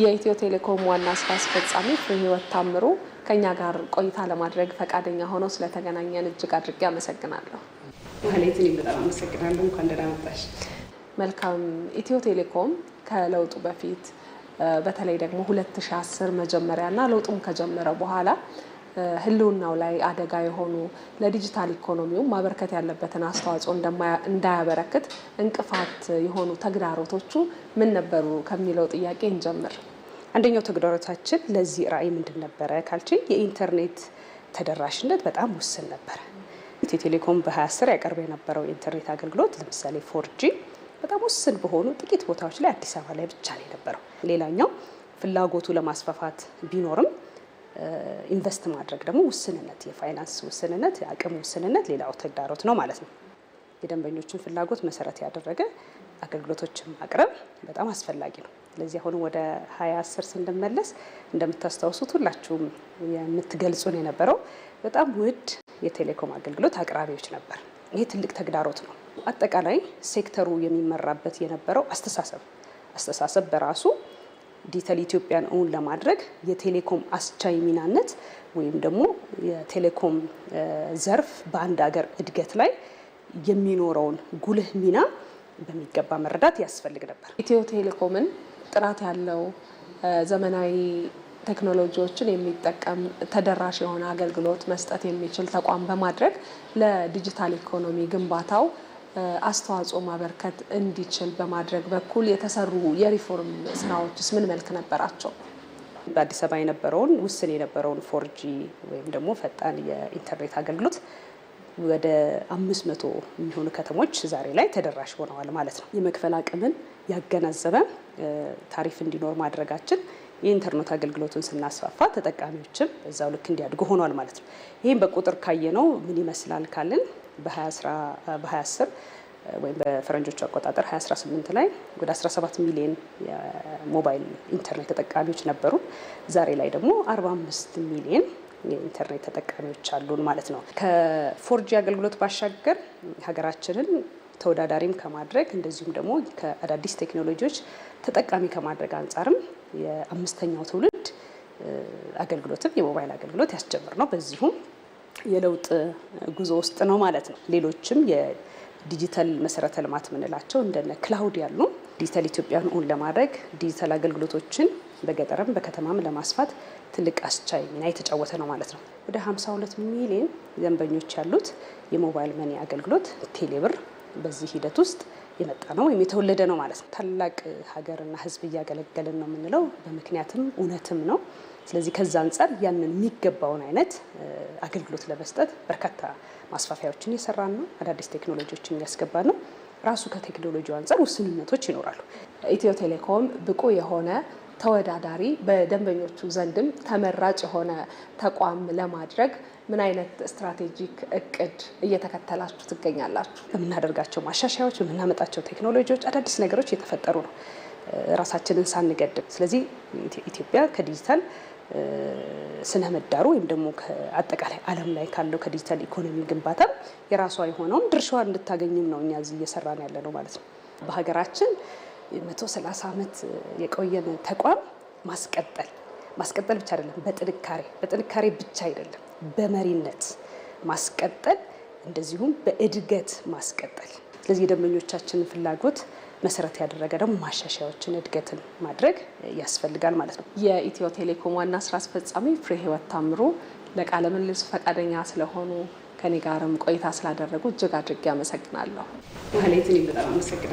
የኢትዮ ቴሌኮም ዋና ስራ አስፈጻሚ ፍሬህይወት ታምሩ ከኛ ጋር ቆይታ ለማድረግ ፈቃደኛ ሆነው ስለተገናኘን እጅግ አድርጌ አመሰግናለሁ። ማለትን በጣም አመሰግናለሁ። እንኳን ደህና መጣሽ። መልካም። ኢትዮ ቴሌኮም ከለውጡ በፊት በተለይ ደግሞ 2010 መጀመሪያ እና ለውጡም ከጀመረ በኋላ ህልውናው ላይ አደጋ የሆኑ ለዲጂታል ኢኮኖሚው ማበርከት ያለበትን አስተዋጽኦ እንዳያበረክት እንቅፋት የሆኑ ተግዳሮቶቹ ምን ነበሩ ከሚለው ጥያቄ እንጀምር። አንደኛው ተግዳሮታችን ለዚህ ራዕይ ምንድን ነበረ ካልች የኢንተርኔት ተደራሽነት በጣም ውስን ነበረ። ኢትዮ ቴሌኮም በ2010 ያቀርበ የነበረው የኢንተርኔት አገልግሎት ለምሳሌ ፎርጂ በጣም ውስን በሆኑ ጥቂት ቦታዎች ላይ አዲስ አበባ ላይ ብቻ ነው የነበረው። ሌላኛው ፍላጎቱ ለማስፋፋት ቢኖርም ኢንቨስት ማድረግ ደግሞ ውስንነት፣ የፋይናንስ ውስንነት፣ የአቅም ውስንነት ሌላው ተግዳሮት ነው ማለት ነው። የደንበኞችን ፍላጎት መሰረት ያደረገ አገልግሎቶችን ማቅረብ በጣም አስፈላጊ ነው። ስለዚህ አሁን ወደ ሀያ አስር ስንመለስ እንደምታስታውሱት ሁላችሁም የምትገልጹን የነበረው በጣም ውድ የቴሌኮም አገልግሎት አቅራቢዎች ነበር። ይሄ ትልቅ ተግዳሮት ነው። አጠቃላይ ሴክተሩ የሚመራበት የነበረው አስተሳሰብ አስተሳሰብ በራሱ ዲጂታል ኢትዮጵያን እውን ለማድረግ የቴሌኮም አስቻይ ሚናነት ወይም ደግሞ የቴሌኮም ዘርፍ በአንድ ሀገር እድገት ላይ የሚኖረውን ጉልህ ሚና በሚገባ መረዳት ያስፈልግ ነበር። ኢትዮ ቴሌኮምን ጥራት ያለው ዘመናዊ ቴክኖሎጂዎችን የሚጠቀም ተደራሽ የሆነ አገልግሎት መስጠት የሚችል ተቋም በማድረግ ለዲጂታል ኢኮኖሚ ግንባታው አስተዋጽኦ ማበርከት እንዲችል በማድረግ በኩል የተሰሩ የሪፎርም ስራዎችስ ምን መልክ ነበራቸው? በአዲስ አበባ የነበረውን ውስን የነበረውን ፎርጂ ወይም ደግሞ ፈጣን የኢንተርኔት አገልግሎት ወደ አምስት መቶ የሚሆኑ ከተሞች ዛሬ ላይ ተደራሽ ሆነዋል ማለት ነው። የመክፈል አቅምን ያገናዘበ ታሪፍ እንዲኖር ማድረጋችን የኢንተርኔት አገልግሎቱን ስናስፋፋ ተጠቃሚዎችም በዛው ልክ እንዲያድጉ ሆኗል ማለት ነው። ይህም በቁጥር ካየ ነው ምን ይመስላል ካልን በ2010 ወይም በፈረንጆቹ አቆጣጠር 2018 ላይ ወደ 17 ሚሊዮን የሞባይል ኢንተርኔት ተጠቃሚዎች ነበሩ። ዛሬ ላይ ደግሞ 45 ሚሊዮን የኢንተርኔት ተጠቃሚዎች አሉን ማለት ነው። ከፎርጂ አገልግሎት ባሻገር ሀገራችንን ተወዳዳሪም ከማድረግ እንደዚሁም ደግሞ ከአዳዲስ ቴክኖሎጂዎች ተጠቃሚ ከማድረግ አንጻርም የአምስተኛው ትውልድ አገልግሎትም የሞባይል አገልግሎት ያስጀምር ነው። በዚሁም የለውጥ ጉዞ ውስጥ ነው ማለት ነው። ሌሎችም የዲጂታል መሰረተ ልማት የምንላቸው እንደነ ክላውድ ያሉ ዲጂታል ኢትዮጵያን ኦን ለማድረግ ዲጂታል አገልግሎቶችን በገጠርም በከተማም ለማስፋት ትልቅ አስቻይ ሚና የተጫወተ ነው ማለት ነው። ወደ 52 ሚሊዮን ደንበኞች ያሉት የሞባይል መኒ አገልግሎት ቴሌብር በዚህ ሂደት ውስጥ የመጣ ነው ወይም የተወለደ ነው ማለት ነው። ታላቅ ሀገርና ሕዝብ እያገለገልን ነው የምንለው በምክንያትም እውነትም ነው። ስለዚህ ከዛ አንጻር ያንን የሚገባውን አይነት አገልግሎት ለመስጠት በርካታ ማስፋፊያዎችን እየሰራን ነው። አዳዲስ ቴክኖሎጂዎችን እያስገባ ነው። ራሱ ከቴክኖሎጂው አንጻር ውስንነቶች ይኖራሉ። ኢትዮ ቴሌኮም ብቁ የሆነ ተወዳዳሪ በደንበኞቹ ዘንድም ተመራጭ የሆነ ተቋም ለማድረግ ምን አይነት ስትራቴጂክ እቅድ እየተከተላችሁ ትገኛላችሁ? የምናደርጋቸው ማሻሻያዎች፣ የምናመጣቸው ቴክኖሎጂዎች አዳዲስ ነገሮች እየተፈጠሩ ነው ራሳችንን ሳንገድብ። ስለዚህ ኢትዮጵያ ከዲጂታል ስነ ምህዳሩ ወይም ደግሞ አጠቃላይ ዓለም ላይ ካለው ከዲጂታል ኢኮኖሚ ግንባታ የራሷ የሆነውን ድርሻዋ እንድታገኝም ነው እኛ እዚህ እየሰራን ያለ ነው ማለት ነው በሀገራችን መቶ 130 ዓመት የቆየን ተቋም ማስቀጠል ማስቀጠል ብቻ አይደለም፣ በጥንካሬ በጥንካሬ ብቻ አይደለም፣ በመሪነት ማስቀጠል እንደዚሁም በእድገት ማስቀጠል። ስለዚህ የደንበኞቻችንን ፍላጎት መሰረት ያደረገ ደግሞ ማሻሻያዎችን እድገትን ማድረግ ያስፈልጋል ማለት ነው። የኢትዮ ቴሌኮም ዋና ስራ አስፈጻሚ ፍሬ ህይወት ታምሩ ለቃለ ምልልስ ፈቃደኛ ስለሆኑ ከኔ ጋርም ቆይታ ስላደረጉ እጅግ አድርጌ አመሰግናለሁ። ማህሌትን በጣም አመሰግናለሁ።